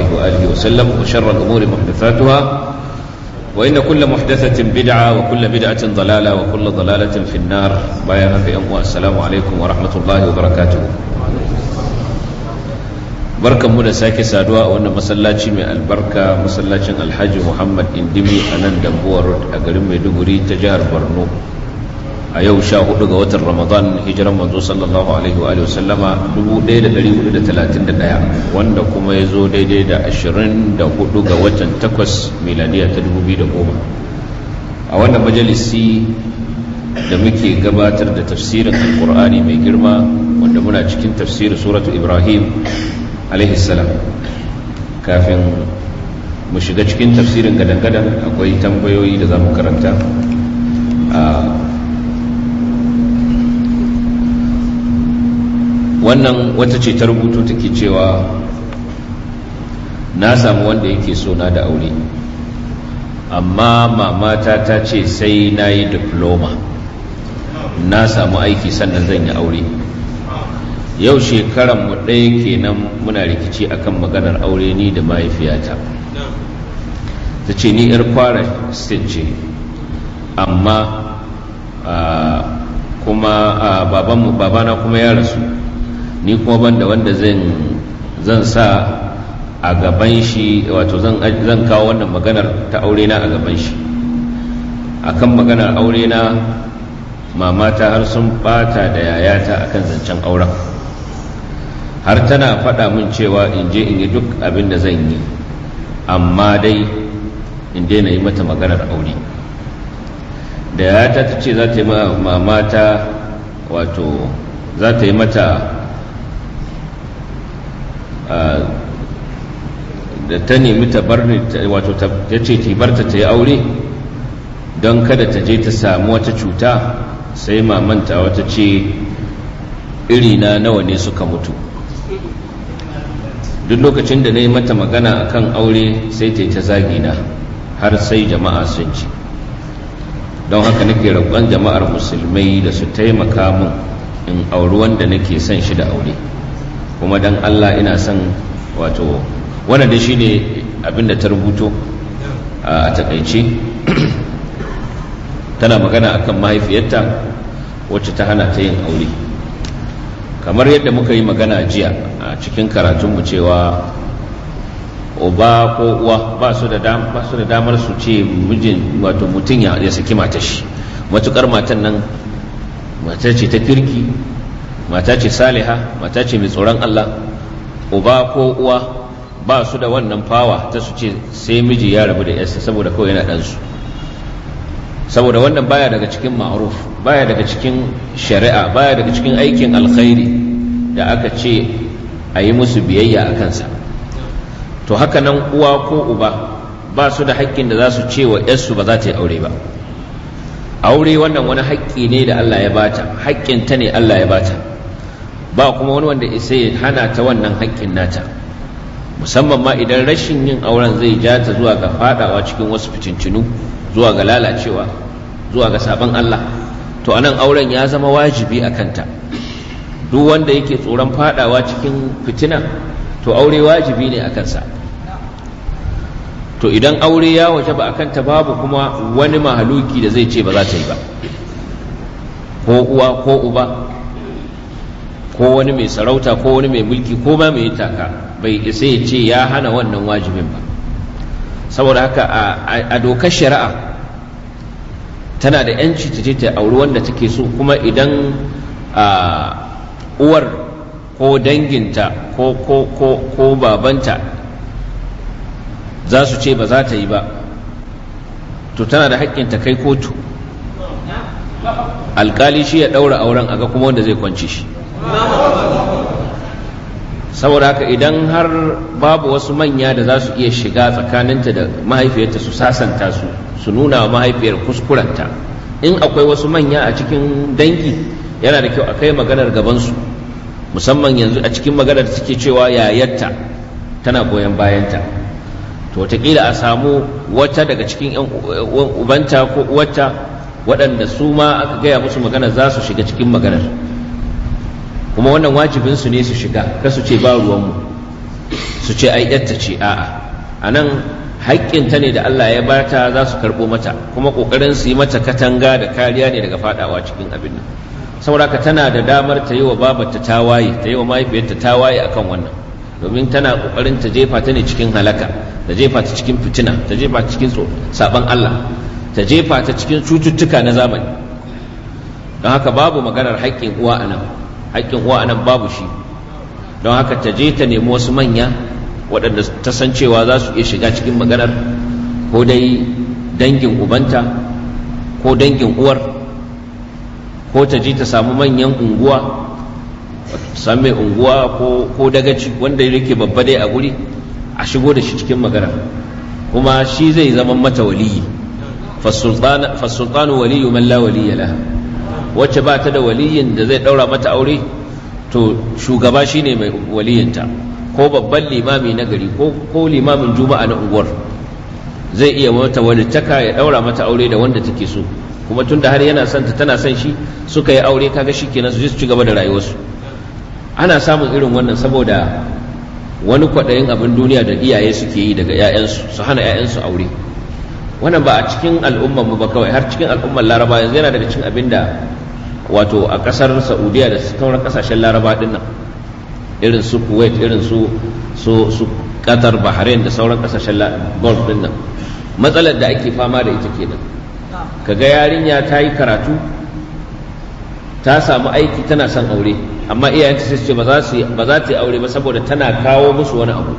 عليه وآله وسلم وشر الأمور محدثاتها وإن كل محدثة بدعة وكل بدعة ضلالة وكل ضلالة في النار بايا في أمو السلام عليكم ورحمة الله وبركاته barkan mu da sake saduwa a wannan masallaci mai albarka masallacin alhaji muhammad indimi a nan dambuwa road a garin maiduguri ta jihar borno a yau sha hudu ga watan ramadan hijiran manzo sallallahu alaihi wa sallama 1431 wanda kuma ya zo daidai da 24 ga watan takwas miladiya ta 2010 a wannan majalisi da muke gabatar da tafsirin alkur'ani mai girma wanda muna cikin tafsirin suratu ibrahim alaihi salam kafin mu shiga cikin tafsirin gadan-gadan akwai tambayoyi da za mu karanta ah, wannan wata ce ta rubutu take cewa na samu wanda yake so na da aure amma mamata ta ce sai na yi diploma na samu aiki sannan zan yi aure yau shekaran mu ɗaya kenan muna rikici akan maganar aure ni da mahaifiyata ta ce ni 'yar kwara state ce amma ah, kuma ah, babana kuma ya rasu ni kuma banda wanda zan sa a gaban shi wato zan kawo wannan maganar ta aure na a gaban shi akan maganar aure na mamata har sun bata da yayata akan zancen auren har tana faɗa min cewa in je in yi duk abin da zan yi amma dai in daina yi mata maganar aure da yayata ta ce za ta yi mamata wato za ta yi mata da ta nemi tabarni wato ta ce tibarta ta yi aure don kada ta je ta samu wata cuta sai mamanta wata ce na nawa ne suka mutu duk lokacin da na yi mata magana a kan aure sai ta yi ta zagina har sai jama'a sun ci don haka nake roƙon jama'ar musulmai da su taimaka mun in auri wanda nake son shi da aure kuma dan Allah ina son wato wannan dai shine da ta rubuto a takaice tana magana akan mahaifiyarta wacce ta hana ta yin aure kamar yadda muka yi magana jiya a cikin karatunmu cewa uba ko uwa ba su da damar su ce mijin wato mutum ya saki matar shi matukar matan nan matar ce ta kirki mata ce saliha mata ce mai tsoron Allah uba ko uwa ba su da wannan fawa ta su ce sai miji ya rabu da yasa saboda kawai yana ɗansu saboda wannan baya daga cikin ma'ruf baya daga cikin shari'a baya daga cikin aikin alkhairi da aka ce a yi musu biyayya a kansa to haka nan uwa ko uba ba su da haƙƙin da za su ce wa yarsu ba za ta yi aure ba aure wannan wani haƙƙi ne da Allah ya bata haƙƙin ta ne Allah ya bata ba kuma wani wanda isa ya hana ta wannan hakkin nata musamman ma idan rashin yin auren zai ja ta zuwa ga fadawa cikin wasu fitincinu zuwa ga lalacewa zuwa ga sabon Allah to anan auren ya zama wajibi a kanta duk wanda yake tsoron fadawa cikin fitina to aure wajibi ne a kansa to idan aure ya waje ba a kanta babu kuma wani mahaluki da zai ce ba za ta yi ba ko uwa ko uba ko wani mai sarauta ko wani mai mulki ko ma mai taka bai isa ya ce ya hana wannan wajibin ba saboda haka a dokar shari'a tana da yanci ta je ta auri wanda take so kuma idan uwar ko danginta ko babanta za su ce ba za ta yi ba to tana da haƙƙin ta kai kotu alkali shi ya ɗaura auren aga kuma wanda zai kwance shi saboda haka idan har babu wasu manya da za su iya shiga tsakaninta da mahaifiyarta su sasanta su su nuna wa mahaifiyar kuskuranta in akwai wasu manya a cikin dangi yana da kyau a kai maganar gabansu musamman yanzu a cikin maganar da suke cewa yayarta tana goyon bayanta to wataƙila a samu wata daga cikin yan ubanta ko uwarta waɗanda su ma aka gaya musu maganar za su shiga cikin maganar kuma wannan wajibin su ne su shiga kasu ce ba ruwanmu su ce ai yatta ce a'a a nan ta ne da Allah ya bata za su karɓo mata kuma ƙoƙarin su yi mata katanga da kariya ne daga faɗawa cikin abin nan sauraka tana da damar ta yi wa babarta tawaye ta yi wa mahaifiyarta tawaye akan wannan domin tana ƙoƙarin ta jefa ta ne cikin halaka ta jefa ta cikin fitina ta jefa ta cikin saban Allah ta jefa ta cikin cututtuka na zamani don haka babu maganar haƙƙin uwa a nan haƙƙin uwa anan babu shi don haka ta je ta nemi wasu manya waɗanda ta san cewa za su iya shiga cikin maganar ko dai dangin ubanta ko dangin uwar ko ta je ta samu manyan unguwa sami unguwa ko dagaci wanda yake babba dai a guri a shigo da shi cikin maganar kuma shi zai zama mata waliyi fasultanu waliyu man la laha wacce ba ta da waliyin da zai daura mata aure to shugaba shine mai waliyinta ko babban limami na gari ko limamin juma'a na unguwar zai iya mata taka ya daura mata aure da wanda take so kuma tunda har yana son ta tana son shi suka yi aure kaga kenan su je su ci gaba da rayuwarsu ana samun irin wannan saboda wani kwaɗayin abin duniya da iyaye suke yi daga 'ya'yansu su hana 'ya'yansu aure wannan ba a cikin al'ummar mu ba kawai har cikin al'ummar laraba yanzu yana daga cikin abinda wato a kasar saudiya da sauran kasashen laraba din nan irin su kuwait irin su su su bahrain da sauran kasashen gulf din nan matsalar da ake fama da ita kenan kaga yarinya ta yi karatu ta samu aiki tana son aure amma iyayenta sai su ce ba za ta yi aure ba saboda tana kawo musu wani abu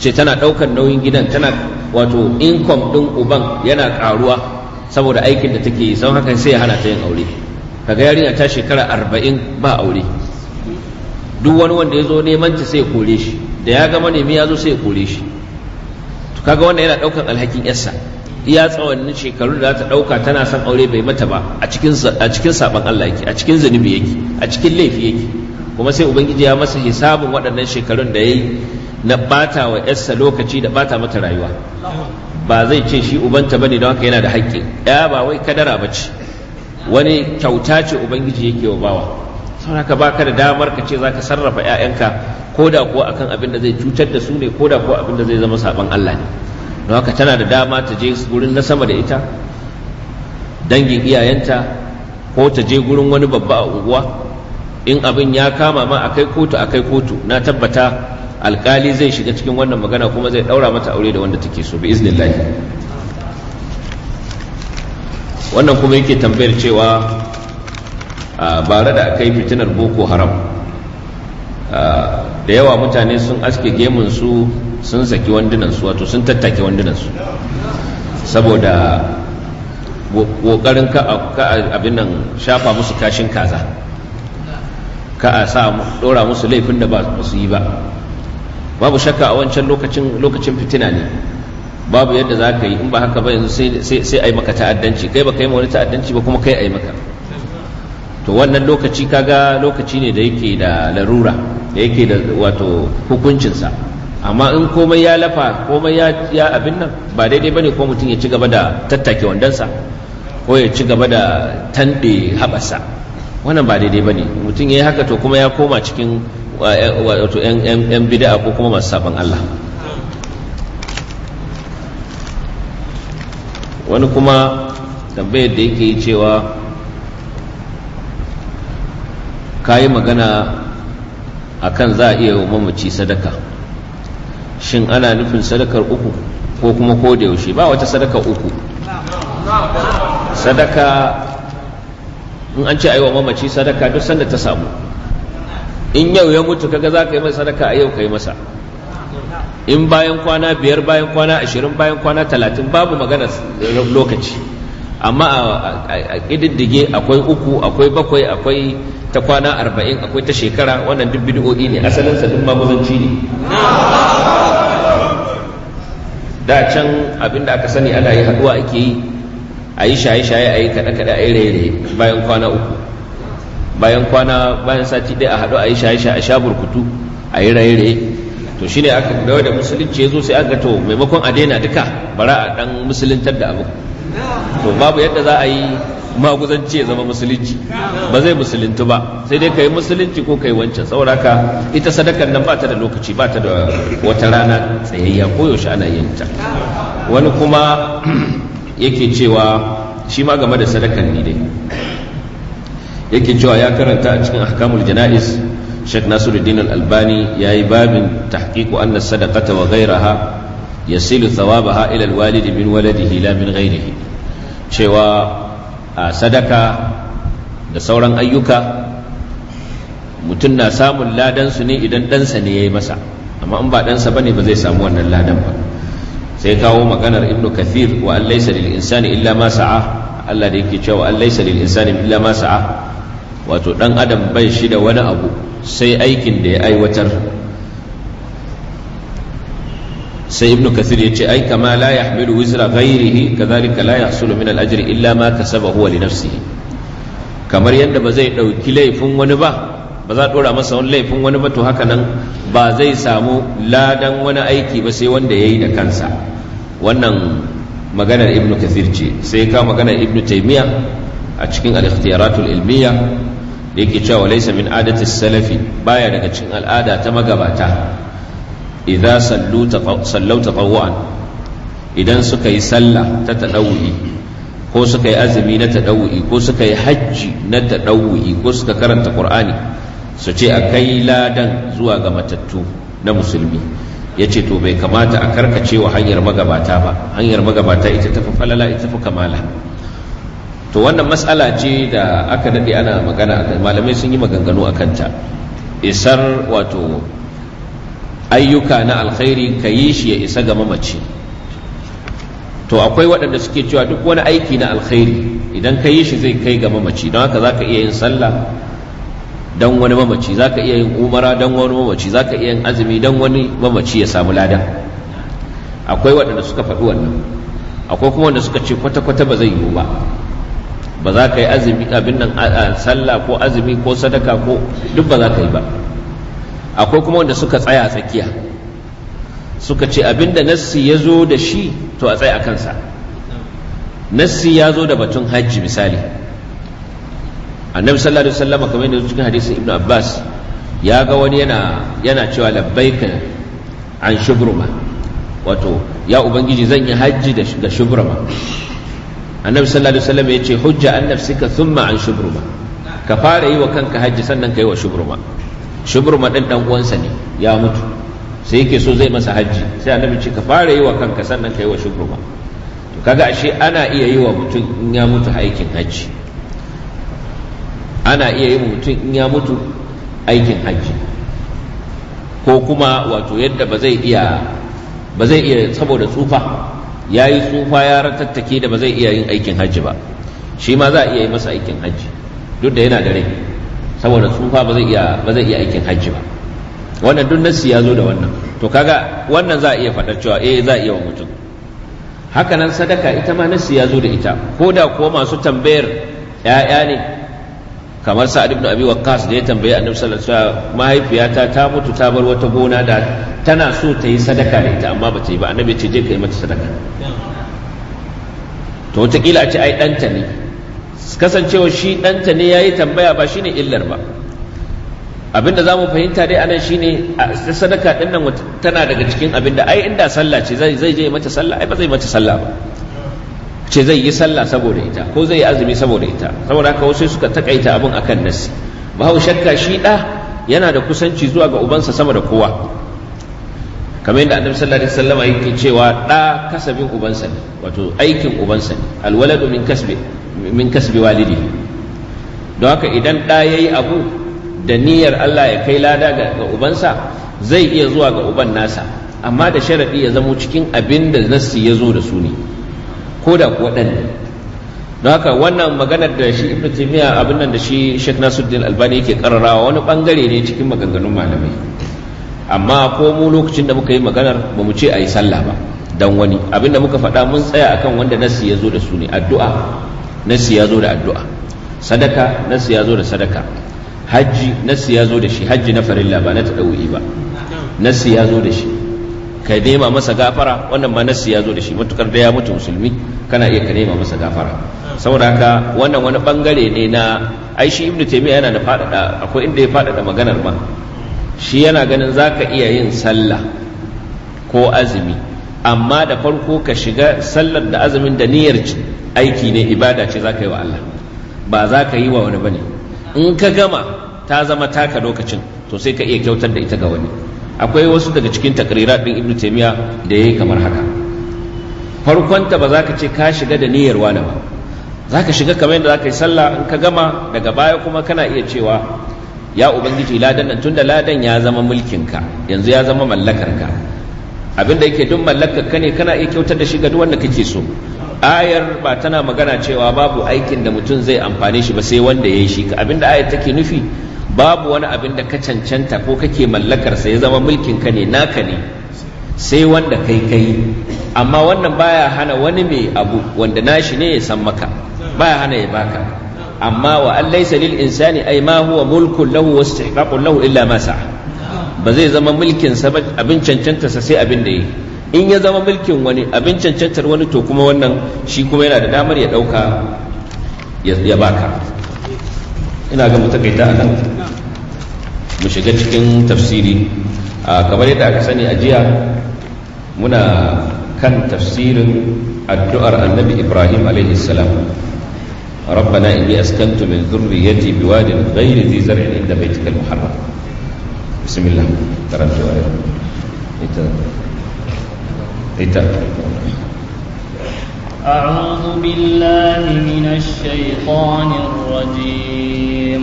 ce tana ɗaukar nauyin gidan tana wato inkom ɗin uban yana ƙaruwa saboda aikin da take yi sau haka sai ya hana ta yin aure kaga yarinya ta shekara arba'in ba aure duk wani wanda ya zo neman ta sai ya kore shi da ya ga manemi ya zo sai ya kore shi to kaga wanda yana ɗaukar alhakin yarsa iya tsawon shekaru da za ta ɗauka tana son aure bai mata ba a cikin saɓan Allah yake a cikin zunubi yake a cikin laifi yake kuma sai ubangiji ya masa hisabin waɗannan shekarun da ya yi na bata wa yarsa lokaci da bata mata rayuwa ba zai ce shi ubanta bane don haka yana da haƙƙi ya ba wai kadara ba ce wani kyauta ce ubangiji yake wa bawa sau haka baka da damar ka ce zaka sarrafa 'ya'yanka ko da kuwa akan abin da zai cutar da su ne ko da kuwa abin da zai zama saban Allah ne don haka tana da dama ta je gurin na sama da ita dangin iyayenta ko ta je gurin wani babba a unguwa in abin ya kama ma akai kotu akai kotu na tabbata alkali zai shiga cikin wannan magana kuma zai daura mata aure da wanda take so bi iznillahi wannan kuma yake tambayar cewa bare da akai fitinar boko haram da yawa mutane sun aske gemun su sun saki wandunan su wato sun tattake wandunan su saboda kokarin ka abin nan shafa musu kashin kaza ka a sa dora musu laifin da ba su yi ba babu shakka a wancan lokacin lokacin fitina ne babu yadda za ka yi in ba haka ba yanzu sai a yi maka ta'addanci kai ba ka yi wani ta'addanci ba kuma kai a yi maka to wannan lokaci kaga lokaci ne da yake da larura da yake da wato hukuncinsa amma in komai ya lafa komai ya abin nan ba daidai bane ko mutum ya ci gaba da tattake wandonsa ko ya ci gaba da tanɗe haɓasa wannan ba daidai bane mutum ya yi haka to kuma ya koma cikin wato yan bid'a ko kuma masu saban Allah wani kuma tambayar da yake yi cewa ka yi magana kan za a iya yi mamaci sadaka shin ana nufin sadakar uku ko kuma ko da yaushe ba wata sadaka uku sadaka in an ce a yi wa mamaci sadaka duk sanda ta samu in yau ya mutu kaga za ka yi masa sadaka a yau ka yi masa in bayan kwana biyar bayan kwana ashirin bayan kwana talatin babu magana lokaci amma a ƙididdige akwai uku akwai bakwai akwai ta kwana arba'in akwai ta shekara wannan duk bidi'o'i ne asalinsa duk maguzanci ne da can abinda aka sani ana yi haduwa ake yi a yi shaye-shaye a yi kaɗe-kaɗe a yi raye bayan kwana uku bayan kwana bayan sati ɗaya a haɗu a yi shaye-shaye a sha burkutu a yi raye to shine aka dawo da musulunci ya zo sai aka to maimakon a daina duka bara a ɗan musuluntar da abu to babu yadda za a yi maguzanci ya zama musulunci ba zai musuluntu ba sai dai ka yi musulunci ko ka yi wancan saboda ita sadakar nan ba ta da lokaci ba ta da wata rana tsayayya ko yaushe ana yin ta wani kuma yake cewa shi ma game da sadakar ni dai yake cewa ya karanta a cikin ahkamul jana'is Sheikh Nasiruddin Al-Albani yayi babin tahqiqu anna sadaqata wa ghayraha yasilu thawabaha ila al-walidi min waladihi la min ghayrihi cewa a sadaka da sauran ayyuka mutum na samun ladan su ne idan ɗansa ne yi masa amma in ba ɗansa ne ba zai samu wannan ladan ba sai kawo maganar ibnu Kathir wa an laysa lil insani illa ma sa'a Allah da yake cewa an laysa lil insani illa ma sa'a wato ɗan adam bai shi da wani abu sai aikin da ya aiwatar sai ibnu kathir ya ce ai kama la yahmilu wizra ghairihi kadhalika la yahsulu min al-ajri illa ma kasaba huwa li nafsihi kamar yadda ba zai ɗauki laifin wani ba ba za dora masa wani laifin wani ba to haka nan ba zai samu ladan wani aiki ba sai wanda ya yi da kansa wannan maganar ibnu kathir ce sai ka maganar ibnu taimiya a cikin al-ikhtiyaratul ilmiya da yake cewa laysa min adati salafi baya daga cikin al'ada ta magabata idza sallu sallau tatawwan idan suka yi sallah ta tadawwi ko suka yi azumi na tadawwi ko suka yi hajji na tadawwi ko suka karanta qur'ani su ce a kai ladan zuwa ga matattu na musulmi ya ce to bai kamata a karkace wa hanyar magabata ba hanyar magabata ita tafi falala ita tafi kamala to wannan matsala ce da aka daɗe ana magana akan malamai sun yi maganganu a kanta isar wato ayyuka na alkhairi ka yi shi ya isa ga mamaci to akwai waɗanda suke cewa duk wani aiki na alkhairi idan ka yi shi zai kai ga mamaci don haka za ka iya yin sallah don wani mamaci za ka iya yin umara don wani mamaci za ka iya yin azumi don wani mamaci ya samu lada akwai waɗanda suka faɗi wannan akwai kuma wanda suka ce kwata-kwata ba zai yiwu ba ba za ka yi azumi abin nan sallah ko azumi ko sadaka ko duk ba za ka yi ba akwai kuma wanda suka tsaya a tsakiya suka ce abin da nassi ya zo da shi to a tsaya a kansa nassi ya zo da batun hajji misali annabi sallallahu alaihi wasallam kamar yadda cikin hadisi ibnu abbas ya ga wani yana cewa labbaika an shubruma wato ya ubangiji zan yi hajji da shubruma annabi sallallahu alaihi wasallam ya ce hujja an nafsika thumma an shubruma ka fara yi wa kanka hajji sannan ka yi wa shubruma shubruma din dan uwansa ne ya mutu sai yake so zai masa hajji sai annabi ce ka fara yi wa kanka sannan ka yi wa shubruma to kaga ashe ana iya yi wa mutum in ya mutu aikin hajji ana iya yi wa mutum in ya mutu aikin hajji ko kuma wato yadda ba zai iya ba zai iya saboda tsufa ya yi tsufa ya ratattake da ba zai iya yin aikin hajji ba shi ma za a iya yi masa aikin hajji duk da yana da rai saboda tsufa ba zai iya aikin hajji ba wannan duk nassi ya zo da wannan to kaga wannan za a iya faɗar cewa eh za a iya wa mutum haka nan sadaka ita ma nassi ya zo da ita ko da kuwa masu tambayar ‘ya'ya ne kamar sa'ad ibn abi waqqas da ya tambayi annabi sallallahu alaihi wasallam mahaifiyata ta mutu ta bar wata gona da tana so ta yi sadaka da ita amma ba ta yi ba annabi ce je ka yi mata sadaka to wataƙila a ce ai ɗanta ne kasancewa shi ɗanta ne ya yi tambaya ba shine illar ba abinda za mu fahimta dai anan shine sadaka ɗin nan tana daga cikin abinda ai inda sallah ce zai je mata sallah ai ba zai mata sallah ba ce zai yi sallah saboda ita ko zai yi azumi saboda ita saboda haka wasu suka takaita abin akan nasi babu shakka shi ɗa yana da kusanci zuwa ga ubansa sama da kowa kamar yadda annabi sallallahu alaihi wasallam yake cewa ɗa kasabin ubansa ne wato aikin ubansa ne alwaladu min kasbi min kasbi walidi don haka idan ɗa yayi abu da niyyar Allah ya kai lada ga ubansa zai iya zuwa ga uban nasa amma da sharaɗi ya zamo cikin abin da nassi ya zo da su ne ko da kuwa ɗan ne don haka wannan maganar da shi ibn taymiya abin nan da shi sheikh nasuddin albani yake kararawa wani bangare ne cikin maganganun malamai amma ko mu lokacin da muka yi maganar ba mu ce a yi sallah ba Don wani abin da muka faɗa mun tsaya akan wanda nasi ya zo da su ne addu'a nasi ya zo da addu'a sadaka nasi ya zo da sadaka hajji nasi ya zo da shi hajji na farilla ba na taɗa ba nasi ya zo da shi ka nema masa gafara wannan ma nassi ya zo da shi matukar da ya mutu musulmi kana iya ka nema masa gafara saboda haka wannan wani bangare ne na ai shi ibnu taymiya yana da fadada akwai inda ya fadada maganar ma shi yana ganin zaka iya yin sallah ko azumi amma da farko ka shiga sallar da azumin da niyyar aiki ne ibada ce zaka yi wa Allah ba za ka yi wa wani bane in ka gama ta zama taka lokacin to sai ka iya kyautar da ita ga wani akwai wasu daga cikin takrirat din ibnu taymiya da ya yi kamar haka farkonta ba za ka ce ka shiga da niyyar wani ba za ka shiga kamar yadda za ka yi sallah in ka gama daga baya kuma kana iya cewa ya ubangiji ladan nan tunda ladan ya zama mulkinka yanzu ya zama mallakarka abin da yake duk mallakar ka ne kana iya kyautar da shi ga duk wanda kake so ayar ba tana magana cewa babu aikin da mutum zai amfane shi ba sai wanda ya yi shi abin da ayar take nufi babu wani abin da ka cancanta ko kake mallakarsa ya zama mulkin ka ne naka ne sai wanda kai kai amma wannan baya hana wani mai abu wanda nashi ne ya san maka baya hana ya baka amma wa allaisa lil insani ai ma huwa mulkun lahu wa istihqaqun lahu illa ma sa ba zai zama mulkin sa ba abin cancanta sa sai abin da yi in ya zama mulkin wani abin cancantar wani to kuma wannan shi kuma yana da damar ya dauka ya baka ina ga mutaka ita akan mu shiga cikin tafsiri kamar yadda aka sani a jiya muna kan tafsirin addu'ar annabi ibrahim alaihi salam ربنا إني أسكنت من ذريتي بواد غير ذي زرع عند بيتك المحرم بسم الله ترى الجوائر إتا إتا أعوذ بالله من الشيطان الرجيم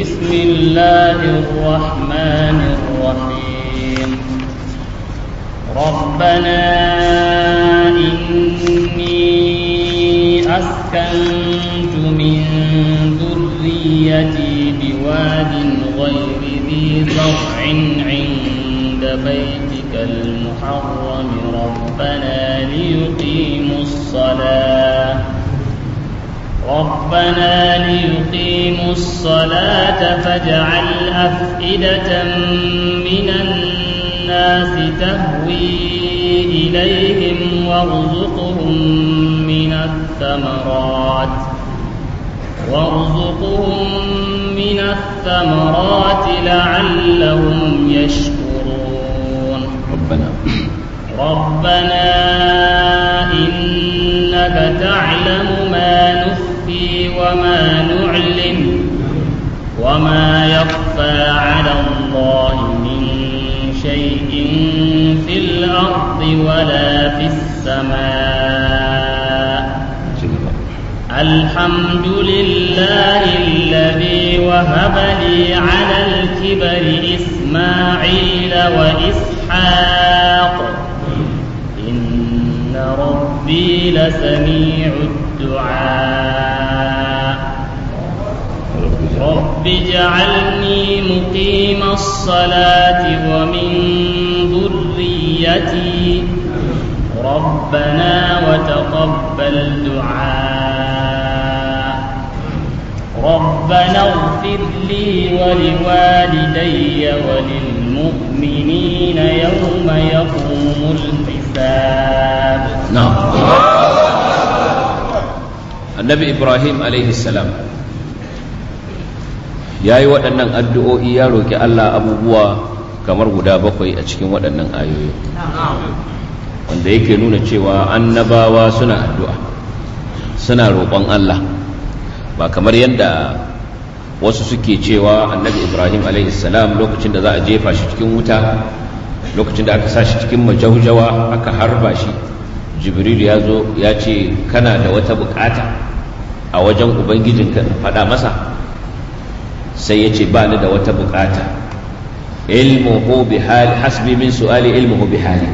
بسم الله الرحمن الرحيم ربنا إني أسكنت من ذريتي بواد غير ذي زرع عند بيتك المحرم ربنا ليقيم ربنا ليقيموا الصلاة فاجعل أفئدة من الناس تهوي إليهم وارزقهم من الثمرات وارزقهم من الثمرات لعلهم يشكرون ربنا ربنا إنك تعلم ما نحن وما نعلن وما يخفى على الله من شيء في الأرض ولا في السماء الحمد لله الذي وهب لي على الكبر إسماعيل وإسحاق إن ربي لسميع الدعاء رب اجعلني مقيم الصلاة ومن ذريتي ربنا وتقبل دعاء ربنا اغفر لي ولوالدي وللمؤمنين يوم يقوم الحساب نعم النبي إبراهيم عليه السلام ya yi waɗannan addu'o'i ya roƙi Allah abubuwa kamar guda bakwai a cikin waɗannan ayoyi wanda yake nuna cewa annabawa suna addu'a suna roƙon Allah ba kamar yadda wasu suke cewa annabi ibrahim salam lokacin da za a jefa shi cikin wuta lokacin da aka sa shi cikin majaujawa aka harba shi jibril ya zo ya ce kana da wata bukata a wajen ubangijinka faɗa masa sai ya ce ba ni da wata bukata ilmuhu bi hali hasbi min su'ali ilmuhu bi hali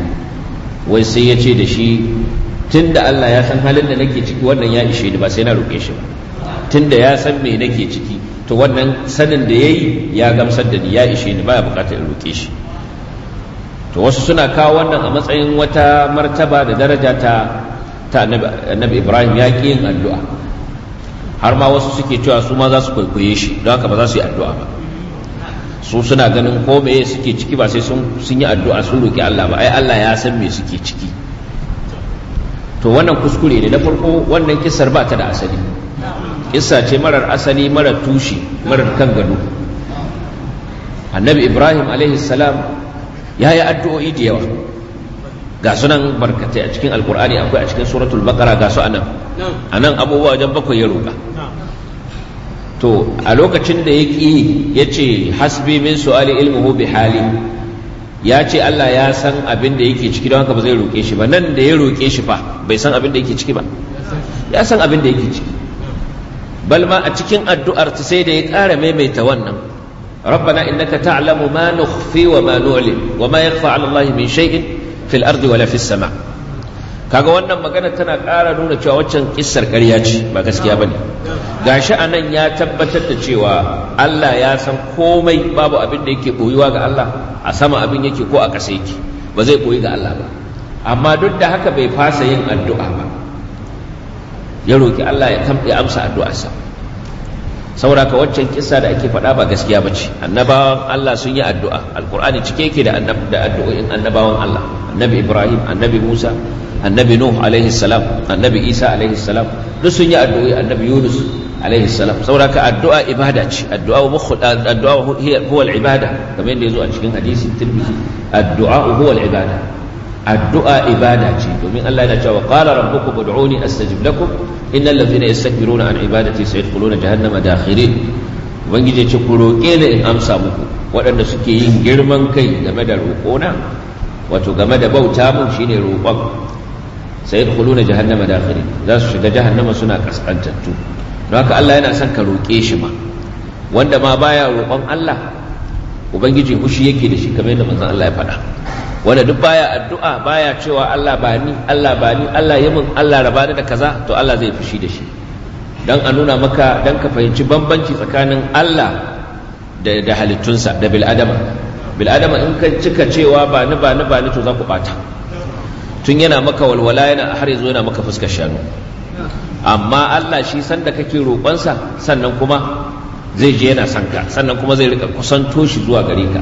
wai sai ya ce da shi tunda Allah ya san halin da nake ciki wannan ya ishe ni ba sai na roƙe shi ba tunda ya san me nake ciki to wannan sanin da yayi ya gamsar da ni ya ishe ni ba ya bukata in roƙe shi to wasu suna kawo wannan a matsayin wata martaba da daraja ta ta annabi ibrahim ya ƙi yin addu'a har ma wasu suke cewa su ma za su kwaikwaye shi don haka ba za su yi addu'a ba su suna ganin ko meye suke ciki ba sai sun yi addu'a sun roki Allah ba ai Allah ya san me suke ciki to wannan kuskure ne na farko wannan kissar ba ta da asali kissa ce marar asali marar tushe marar kan gado annabi ibrahim alaihi salam ya yi addu'o'i da yawa ga sunan barkatai a cikin alkur'ani akwai a cikin suratul baqara ga su anan anan abubuwa wajen bakwai ya roƙa to a lokacin da ya ƙi ya ce hasbi min su'ali ilmuhu bi hali ya ce Allah ya san abin da yake ciki don haka ba zai roƙe shi ba nan da ya roƙe shi fa bai san abin da yake ciki ba ya san abin da yake ciki bal ma a cikin addu'ar ta sai da ya ƙara maimaita wannan rabbana innaka ta'lamu ma nukhfi wa ma nu'lin wa ma yakhfa 'ala Allah min shay'in fil ardi wala fis sama' kaga wannan magana tana ƙara nuna cewa waccan kissar ƙarya ce ba gaskiya bane gashi anan ya tabbatar da cewa Allah ya san komai babu abin da yake boyuwa ga Allah a sama abin yake ko a ƙasa yake ba zai boyi ga Allah ba amma duk da haka bai fasa yin addu'a ba ya roki Allah ya tambaye amsa addu'arsa saboda ka waccan kissa da ake faɗa ba gaskiya ba annabawan Allah sun yi addu'a alkur'ani cike yake da addu'o'in annabawan Allah annabi Ibrahim annabi Musa annabi nuh alaihi salam annabi isa alaihi salam duk sun yi addu'o'i annabi yunus alaihi salam saboda ka addu'a ibada ce addu'a addu'a huwa al-ibada kamar yadda yazo a cikin hadisi tirmidhi addu'a huwa al-ibada addu'a ibada ce domin Allah yana cewa qala rabbukum ud'uni astajib lakum innal ladhina yastakbiruna an ibadati sayadkhuluna jahannama dakhirin ubangiji ce ku roƙe ni in amsa muku waɗanda suke yin girman kai game da roƙona wato game da bauta mun shine roƙon sai na jahannama da dakhirin za su shiga jahannama suna kaskantattu don haka Allah yana son ka roƙe shi ma wanda ma baya roƙon Allah ubangiji hushi yake da shi kamar yadda manzon Allah ya faɗa wanda duk baya addu'a baya cewa Allah ba ni Allah ba ni Allah ya min Allah raba da kaza to Allah zai fushi da shi dan a nuna maka dan ka fahimci bambanci tsakanin Allah da da halittunsa da bil adama bil adama in ka cika cewa ba ni ba ni ba ni to za ku bata tun yana maka walwala yana har yanzu yana maka fuskar shanu amma Allah shi sanda kake roƙonsa sannan kuma zai je yana son ka sannan kuma zai rika kusanto shi zuwa gare ka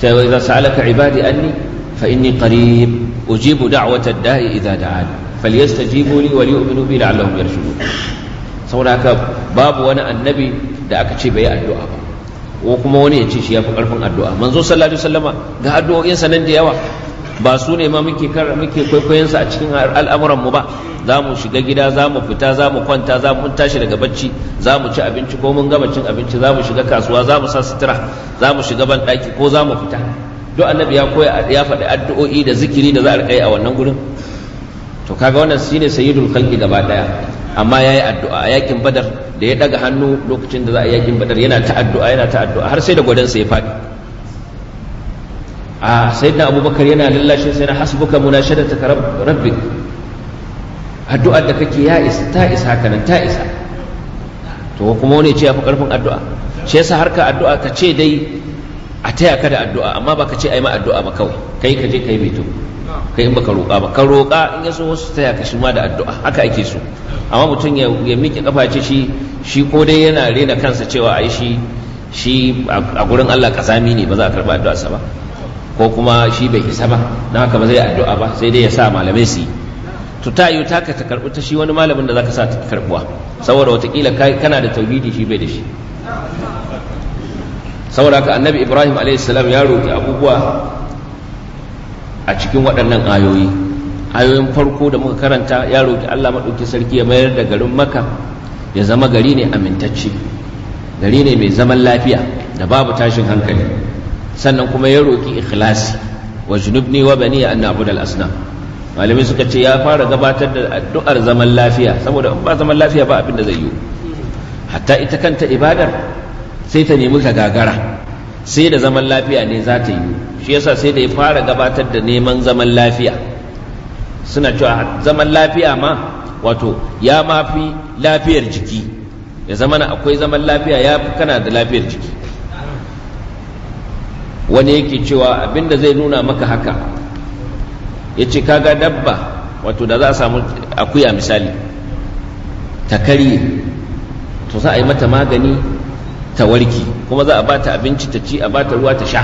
sai wa idza sa'alaka ibadi anni fa inni qarib ujibu da'wata da'i idza da'ani falyastajibu li wa liyu'minu bi la'allahum yarshudun saboda haka babu wani annabi da aka ce bai addu'a ba ko kuma wani ya ce shi ya fi karfin addu'a manzo sallallahu alaihi wasallama ga addu'o'insa nan da yawa ba su ne ma muke muke kwaikwayon su a cikin al'amuran mu ba za mu shiga gida za mu fita za mu kwanta za mu tashi daga bacci za mu ci abinci ko mun gama cin abinci za mu shiga kasuwa za mu sa sutura za mu shiga ban daki ko za mu fita duk annabi ya koya ya faɗi addu'o'i da zikiri da za a riƙa a wannan gurin to kaga wannan shine sayyidul khalqi gaba daya amma yayi addu'a a yakin badar da ya daga hannu lokacin da za a yakin badar yana ta addu'a yana ta addu'a har sai da sa ya faɗi a ah, sayyidina abubakar yana lallashin sai na hasbuka munashadata ka rabbik addu'ar da kake ya isa ta isa hakanan ta isa to kuma wani ce ya fi karfin addu'a shi yasa harka addu'a ka ce dai a taya ka da addu'a amma ba ka ce ai ma addu'a ba kawai kai ka je kai mai kai in baka roƙa ba ka roƙa in ya wasu taya ka shi ma da addu'a haka ake so amma mutum ya miƙe kafa ce shi shi ko dai yana rena kansa cewa ai shi shi a gurin Allah kazami ne ba za a karɓi addu'arsa ba ko kuma shi bai isa ba don haka ba zai addu'a ba sai dai ya sa malamai su yi to ta yi taka ta karɓi ta shi wani malamin da zaka sa ta karɓuwa saboda watakila kana da tauhidi shi bai da shi saboda haka annabi ibrahim a.s. ya roƙi abubuwa a cikin waɗannan ayoyi ayoyin farko da muka karanta ya roƙi allah maɗauki sarki ya mayar da garin maka ya zama gari ne amintacce gari ne mai zaman lafiya da babu tashin hankali sannan kuma ya roki ikhlasi wa junubni wa bani an na'budu al asnam malamai suka ce ya fara gabatar da addu'ar zaman lafiya saboda ba zaman lafiya ba abin da zai yi hatta ita kanta ibadar sai ta nemi ta gagara sai da zaman lafiya ne za ta yi shi yasa sai da ya fara gabatar da neman zaman lafiya suna cewa zaman lafiya ma wato ya mafi lafiyar jiki ya zamana akwai zaman lafiya ya fi kana da lafiyar jiki wani yake cewa abinda zai nuna maka haka ya ce kaga dabba wato da za a samu akuya misali ta karye to za a yi mata magani ta warki kuma za a ba ta abinci ta ci a ba ta ruwa ta sha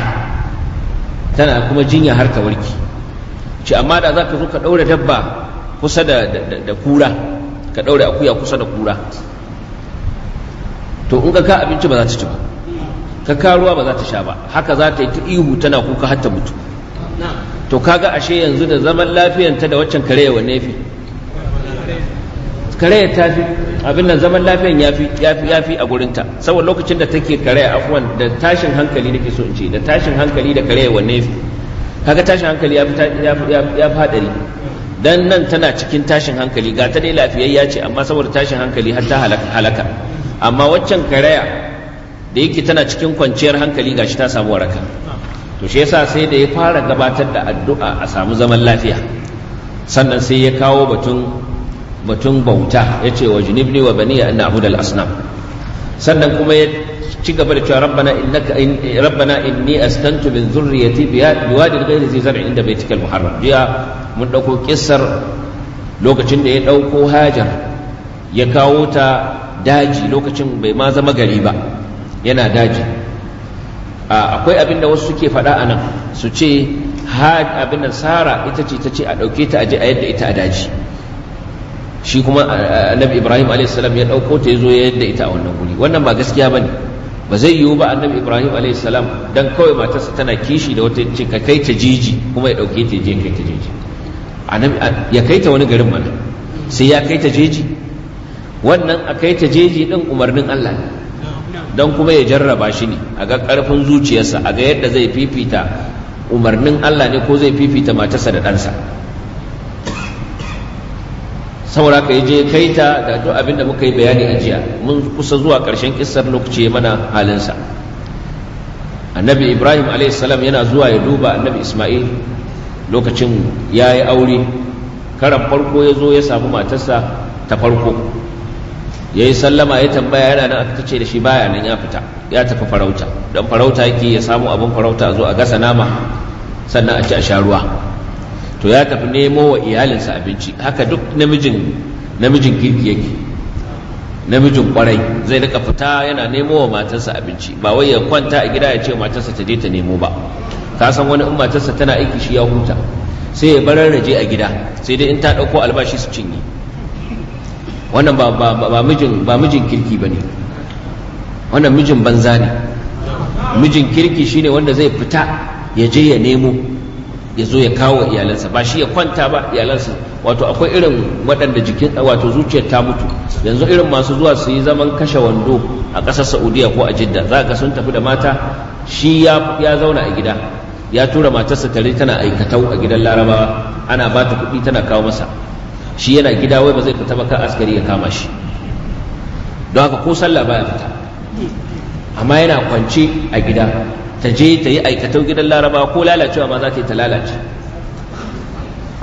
tana kuma jinya har ta warki ce amma da za ka zo ka ɗaure dabba kusa da, kura ka ɗaure akuya kusa da kura to in ka ka abinci ba za ta ci ba ka karuwa ba za ta sha ba haka za ta yi ta ihu tana kuka har ta mutu to kaga ashe yanzu da zaman lafiyanta da waccan kare wanne fi kare ta fi abin nan zaman lafiyan yafi yafi yafi a gurinta saboda lokacin da take kare afwan da tashin hankali nake so in ce da tashin hankali da kare wanne fi kaga tashin hankali ya fi hadari dan nan tana cikin tashin hankali ga ta dai lafiyayya ce amma saboda tashin hankali har ta halaka amma waccan karaya da yake tana cikin kwanciyar hankali gashi ta samu waraka to shi yasa sai da ya fara gabatar da addu'a a samu zaman lafiya sannan sai ya kawo batun batun bauta ya ce wa junibni wa baniya an na'budu al-asnam sannan kuma ya ci gaba da cewa rabbana innaka rabbana inni askantu min zurriyati biwadin ghairi zai zar'in inda baitikal muharram jiya mun dauko kissar lokacin da ya dauko hajar ya kawo ta daji lokacin bai ma zama gari ba yana daji akwai abin da wasu suke faɗa a nan su ce abin da sara ita ce ta ce a ɗauke ta aje a yadda ita a daji shi kuma annabi ibrahim a.s. ya ɗauko ta ya zo ya yadda ita a wannan guri wannan ba gaskiya ba ne ba zai yiwu ba annabi ibrahim a.s. don kawai matarsa tana kishi da wata ce ka kai ta jiji kuma ya ɗauke ta je kai ta jeji ya kai ta wani garin mana sai ya kai ta jeji wannan a kai ta jeji ɗin umarnin allah ne don kuma ya jarraba shi ne a ga ƙarfin zuciyarsa a ga yadda zai fifita umarnin Allah ne ko zai fifita matarsa da ɗansa saboda ka je kai ta da duk abin da muka yi bayani a jiya mun kusa zuwa ƙarshen kissar lokaci mana halinsa annabi ibrahim salam yana zuwa ya duba annabi isma'il lokacin ya yi aure karan farko ya zo ya samu matarsa ta farko yayi sallama ya tambaya yana nan aka ce da shi baya nan ya fita ya tafi farauta don farauta yake ya samu abin farauta zo a gasa nama sannan a ci a sha ruwa to ya tafi nemo wa iyalinsa abinci haka duk namijin namijin girki yake namijin kwarai zai rika fita yana nemo wa matarsa abinci ba wai ya kwanta a gida ya ce matarsa ta je ta nemo ba ka san wani in matarsa tana aiki shi ya huta sai ya bararraje raje a gida sai dai in ta dauko albashi su cinye wannan ba mijin mijin ba ne wannan mijin banza ne mijin kirki shine wanda zai fita ya je ya nemo ya zo ya kawo iyalansa ba shi ya kwanta ba iyalansa wato akwai irin waɗanda jikin wato zuciyar ta mutu yanzu irin masu zuwa su yi zaman kashe wando a ƙasar saudiya ko a jidda za ka sun tafi da mata shi ya zauna a gida ya tura matarsa tare tana aikatau a gidan larabawa ana ba ta kuɗi tana kawo masa shi yana gida wai ba zai fita ba kan askari ya kama shi don haka ko sallah baya fita amma yana kwance a gida ta je ta yi aikatau gidan laraba ko lalacewa ma za ta yi ta lalace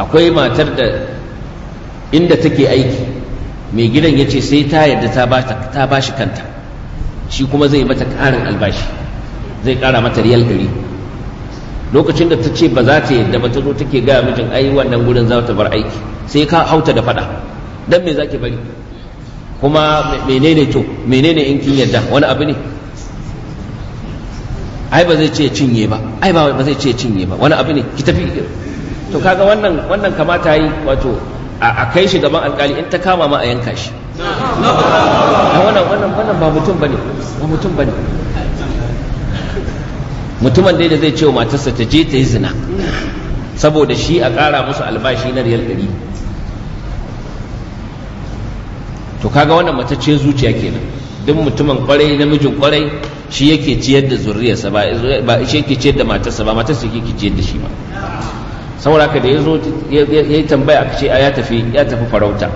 akwai matar da inda take aiki mai gidan ya ce sai ta yadda ta ba shi kanta shi kuma zai mata ƙarin albashi zai kara mata riyal ɗari lokacin da ta ce ba za ta yadda ba ta zo take gaya mijin ai wannan gudun za ta bar aiki sai ka hauta da fada dan me zaki bari kuma menene to menene in kin yadda wani abu ne ai ba zai ce cinye ba ai ba ba zai ce cinye ba wani abu ne ki tafi to kaga wannan wannan kamata yi wato a kai shi gaban alkali in ta kama ma a yanka shi wannan wannan wannan ba mutum bane ba mutum bane mutumin da zai ce wa matarsa ta je ta yi zina saboda shi a ƙara musu albashi na riyal ɗari to kaga wannan matacce zuciya kenan duk mutumin kwarai namijin kwarai shi yake ciyar da zurriyarsa ba shi yake ciyar da matarsa ba matarsa yake ciyar da shi ba saboda haka da ya zo ya yi tambaya a ce ya tafi ya tafi farauta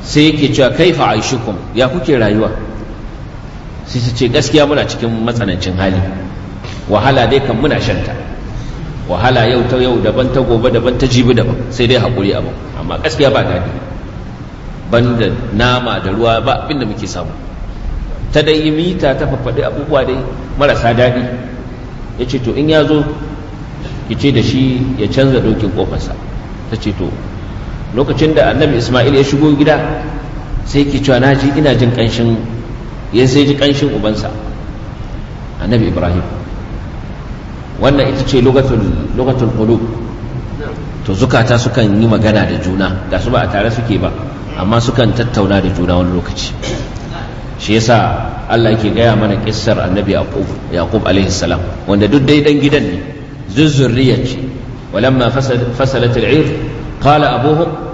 sai yake cewa kai fa aishukum ya kuke rayuwa sai su ce gaskiya muna cikin matsanancin hali wahala dai kan muna shanta wahala yau ta yau daban ta gobe daban ta jibi daban sai dai haƙuri abin amma gaskiya ba daɗi banda nama da ruwa ba abin muke samu ta dai yi mita ta faɗi abubuwa dai marasa daɗi ya ce to in ya zo ki ce da shi ya canza dokin ƙofarsa ta ce to lokacin da annabi ismail ya shigo gida sai ki cewa ji ina jin ƙanshin ya sai ji ƙanshin ubansa annabi ibrahim wannan ita ce lugatul qulub to zukata sukan yi magana da juna ga su ba a tare suke ba amma sukan tattauna da juna wani lokaci shi yasa Allah yake gaya mana kissar annabi yaqub yaqub alaihi salam wanda duk dai dan gidan ne zuzzuriyar ce walamma fasalat al'ir qala abuhum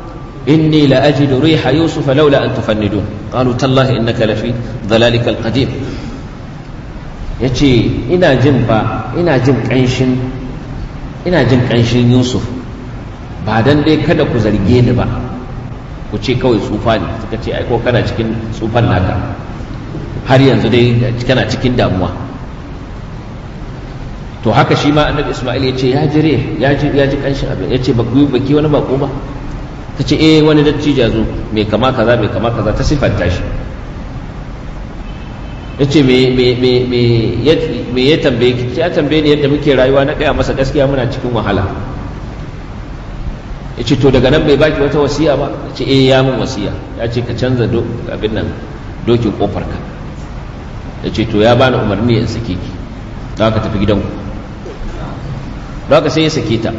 إني لأجد ريح يوسف لولا أن تفندون قالوا تالله إنك لفي ضلالك القديم ya ce ina jin ba ina jin ƙanshin ina jin ƙanshin yusuf ba dan dai kada ku zarge ni ba ku ce kawai tsufa ne suka ce aiko kana cikin tsufan naka har yanzu dai kana cikin damuwa to haka shi ma annabi isma'il ya ce ya jire ya ji ya ji ƙanshin abin ya ce ba ku baki wani bako ba ta ce eh wani dattijo zo mai kama kaza mai kama kaza ta sifanta shi yace me me me me ya tambaye ki ya tambaye ni yadda muke rayuwa na gaya masa gaskiya muna cikin wahala yace to daga nan bai baki wata wasiya ba yace eh ya min wasiya yace ka canza abin nan dokin kofar ka yace to ya bani umarni in sake ki za ka tafi gidanku don ka sai ya sake ta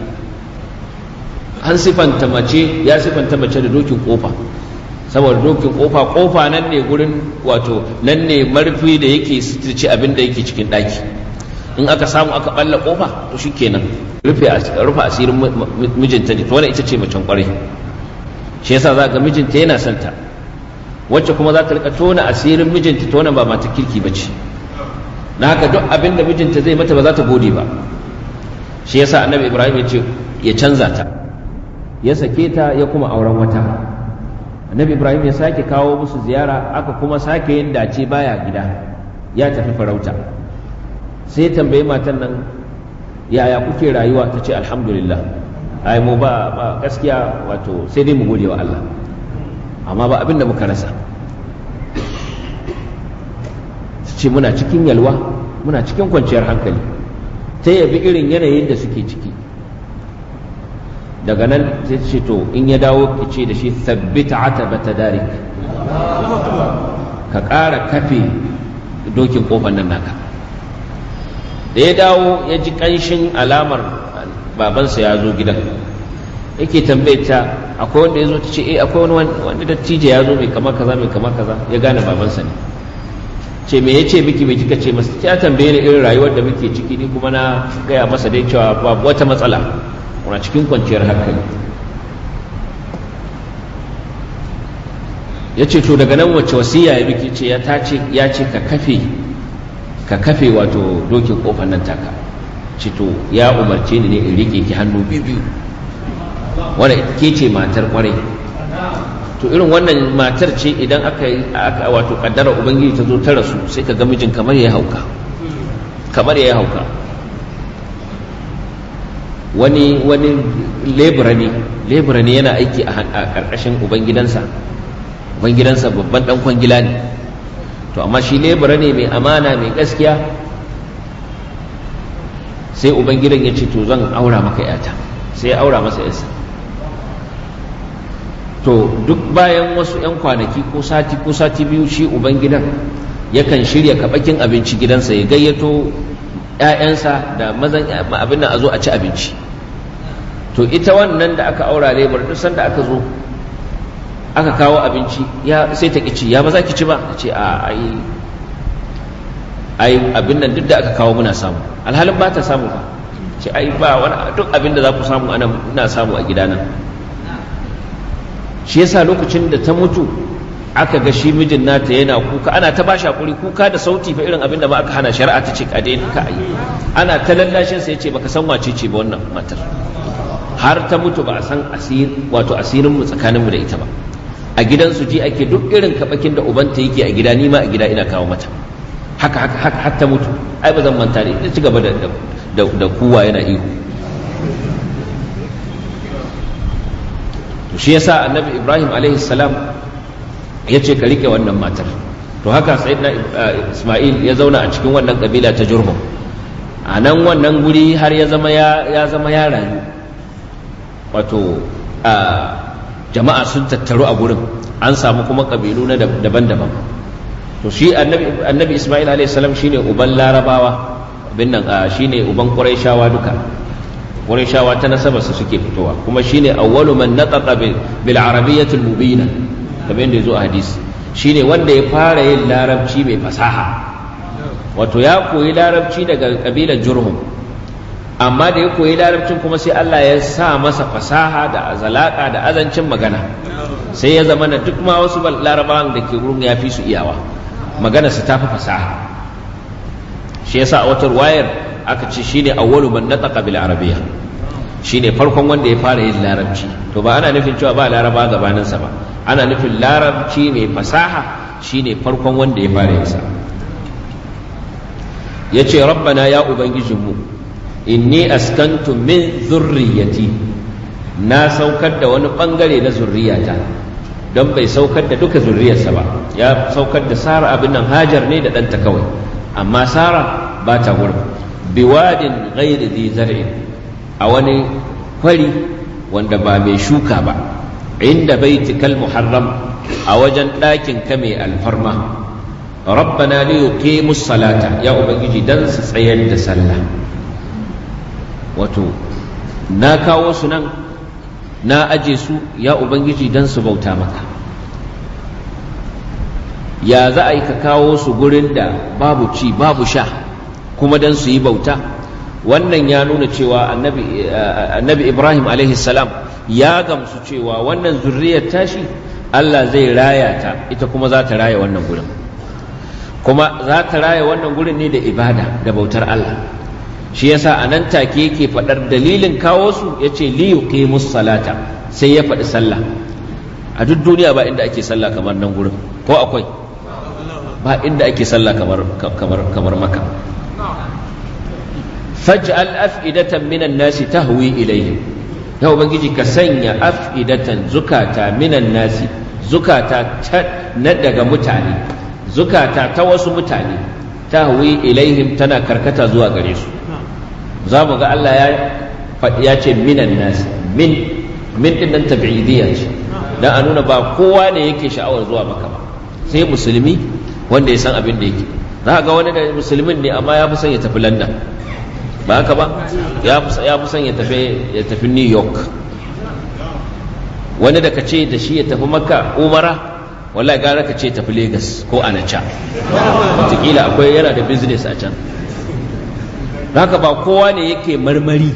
an sifanta mace ya sifanta mace da dokin kofa saboda dokin kofa kofa nan ne gurin wato nan ne marfi da yake sitirci abin da yake cikin ɗaki in aka samu aka balla kofa to shikenan rufe rufe asirin mijinta ne to wannan ita ce macen kwarai shi yasa za ga mijinta yana son ta wacce kuma za ta rika tona asirin mijinta tona ba mata kirki ba ce na haka duk abin da mijinta zai mata ba za ta gode ba shi yasa annabi ibrahim ya ce ya canza ta ya sake ta ya kuma auren wata annabi ibrahim ya sake kawo musu ziyara aka kuma sake yin dace baya gida ya tafi farauta sai ya tambayi matan nan yaya kuke rayuwa ta ce alhamdulillah ai mu ba gaskiya wato sai dai mu gode wa Allah amma ba abin da muka rasa su ce muna cikin yalwa muna cikin kwanciyar hankali ta yabi irin yanayin da suke ciki daga nan sai ce to in ya dawo ki ce da shi sabbita atabata darik ka ƙara kafe dokin kofar nan naka da ya dawo ya ji ƙanshin alamar babansa ya zo gidan yake tambayta akwai wanda ya zo ta ce eh akwai wani wanda dattijo ya zo mai kama kaza mai kama kaza ya gane babansa ne ce me ya ce miki me kika ce masa ta tambaye ni irin rayuwar da muke ciki ni kuma na gaya masa dai cewa babu wata matsala muna cikin kwanciyar hankali ya ce to daga nan wacce wasiya ya biki ce ya ce ka kafe ka kafe wato dokin kofar nan taka ce to ya umarce ni ne in rike ki hannu biyu wanda ke ce matar kwarai to irin wannan matar ce idan aka yi wato kaddara ubangiji ta zo ta rasu sai ka ga mijin kamar ya hauka kamar ya hauka wani wani lebura ne lebura ne yana aiki a ƙarƙashin ubangidansa ubangidansa babban dan kwangila ne to amma shi lebura ne mai amana mai gaskiya sai ubangidan ya ce to zan aura maka yata sai ya aura masa yasa to duk bayan wasu 'yan kwanaki ko sati ko sati biyu shi ubangidan yakan shirya kaɓakin abinci gidansa ya gayyato ‘ya'yansa da mazan abin nan a zo a ci abinci to ita wannan da aka aura lebar duk sanda aka zo aka kawo abinci ya sai ta kici ya ba za ki ci ba A ce a ai ai abin nan duk da aka kawo muna samu alhalin ba ta samu ba ce ai ba wani duk abin da za ku samu ana ina samu a gidana shi yasa lokacin da ta mutu aka ga shi mijin nata yana kuka ana ta bashi hakuri kuka da sauti fa irin abin da ba aka hana shari'a ta ce ka dai ka ai ana ta lallashin sa yace baka san wace ce ba wannan matar har ta mutu ba a san asir wato asirin mu tsakanin mu da ita ba a gidan su ji ake duk irin kabakin da uban ta yake a gida ma a gida ina kawo mata haka haka haka har ta mutu ai ba zan manta ne ina ci gaba da da kuwa yana ihu to shi yasa annabi ibrahim alaihi salam ya ce ka rike wannan matar to haka sayyidina eh, isma'il ya zauna a cikin wannan kabila ta jurhum a nan wannan guri har ya zama ya zama ya rayu wato jama'a sun tattaru a gurin an samu kuma ƙabilu na daban-daban to shi annabi ismail a.s. shi ne uban larabawa abin nan shi ne uban ƙwarai duka shawa ta nasabarsa suke fitowa kuma shi shine awwalu man nataqa bil arabiyyatil mubina kamar yadda zo a hadisi shi ne wanda ya fara yin larabci mai fasaha wato ya koyi larabci daga kabilar jurhum amma da ya koyi larabcin kuma sai Allah ya sa masa fasaha da azalaka da azancin magana sai ya zama na duk ma wasu larabawan da ke wurin ya fi su iyawa magana su tafi fasaha shi yasa a wata wayar aka ce shine awwalu man nataqa bil arabiyya shine farkon wanda ya fara yin larabci to ba ana nufin cewa ba laraba sa ba ana nufin larabci mai fasaha shine farkon wanda ya fara yin sa yace rabbana ya ubangijinmu inni askantu min zurriyati na saukar da wani bangare na zurriyata don bai saukar da duka zurriyarsa ba ya saukar da sara abin nan hajar ne da ɗanta kawai amma sara ba ta gurin biwadin ghairi zai zar'in a wani kwari wanda ba mai shuka ba inda baitikal muharram a wajen ɗakin ka mai alfarma rabbana li salata ya ubangiji dan su tsayar da sallah wato na kawo su nan na aje su ya ubangiji dan su bauta maka ya za a yi ka kawo su gurin da babu ci babu sha kuma don su yi bauta wannan ya nuna cewa annabi eh, ibrahim salam ya gamsu cewa wannan zurriyar tashi allah zai raya ta ita kuma za ta raya wannan gurin kuma za ta raya wannan gurin ne da ibada da bautar allah shi yasa a nan take yake faɗar dalilin kawo su ya ce liyuƙi salata sai ya faɗi sallah a duk duniya ba inda ake sallah kamar nan gurin ko akwai ba inda ake sallah kamar kamar kamar maka faj'al af'idatan minan nasi tahwi ilayhim ya ubangiji ka sanya af'idatan zukata minan nasi zukata ta na daga mutane zukata ta wasu mutane tahwi ilaihim tana karkata zuwa gare su za mu ga Allah ya ya ce minan nasi min min din nan tabi'idiyya ce dan a nuna ba kowa ne yake sha'awar zuwa maka ba sai musulmi wanda ya san abin da yake za ga wani da musulmin ne amma ya fi son ya tafi London ba haka ba ya fi son ya tafi New York wani da ka ce da shi ya tafi maka umara wallahi gara ka ce tafi Lagos ko Anacha wataƙila akwai yana da business a can haka ba kowa ne yake marmari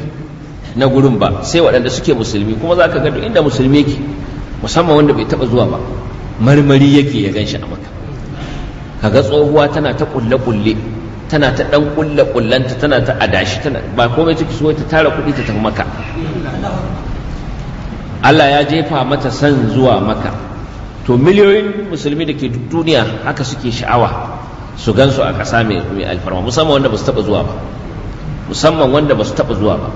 na gurin ba sai waɗanda suke musulmi kuma za ka ga inda musulmi yake musamman wanda bai taɓa zuwa ba marmari yake ya gan shi a maka kaga tsohuwa tana ta kulle-kulle tana ta ɗan kulle-kullanta tana ta adashi tana ba komai take so ta tara kuɗi ta tafi maka Allah ya jefa mata san zuwa maka to miliyoyin musulmi da ke duniya haka suke sha'awa su gansu a ƙasa mai alfarma musamman wanda ba su taɓa zuwa ba musamman wanda ba su taɓa zuwa ba